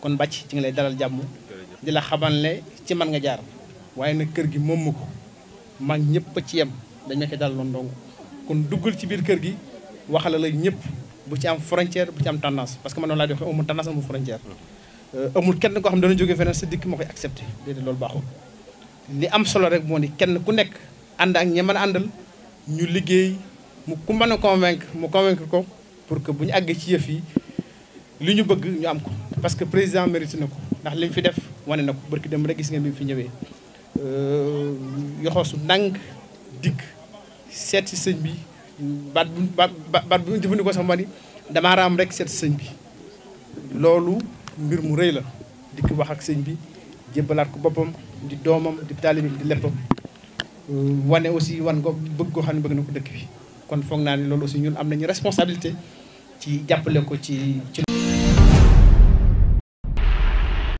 kon bàcc ci nga lay dalal jàmm di la xamanle ci man nga jaar waaye nag kër gi moom mu ko mag ñëpp a ci yem dañ ko dalaloon ndong kon duggal ci biir kër gi waxala la ñëpp bu ci am frontière bu ci am tendance parce que man noonu laa di waxee amul tendance amul frontière euh, amul kenn koo xam ne dana jógee feneen sa dikk ma koy accepté déedéet loolu baaxul li am solo rek moo ni kenn ku nekk ànd ak ñi mën àndal ñu liggéey mu ku mën a mu convaincre ko pour que bu ñu àggee ci yëf yi li ñu bëgg ñu am ko parce que président mérite na ko ndax li mu fi def wane na ko barki dem rek gis ngeen bi mu fi ñëwee euh, yoxoosu nang dikk seet si sëñ bi baat bu baat bu jëfandikoo sax ma ni damaa rek seet si sëñ bi loolu mbir mu rëy la dikk wax ak sëñ bi jébbalaat ko boppam di doomam di taalibam di leppam euh, wane aussi wan ko bëgg koo xam ne bëgg na ko dëkk bi kon foog naa ne loolu aussi ñun am nañu responsabilité ci jàppale ko ci ci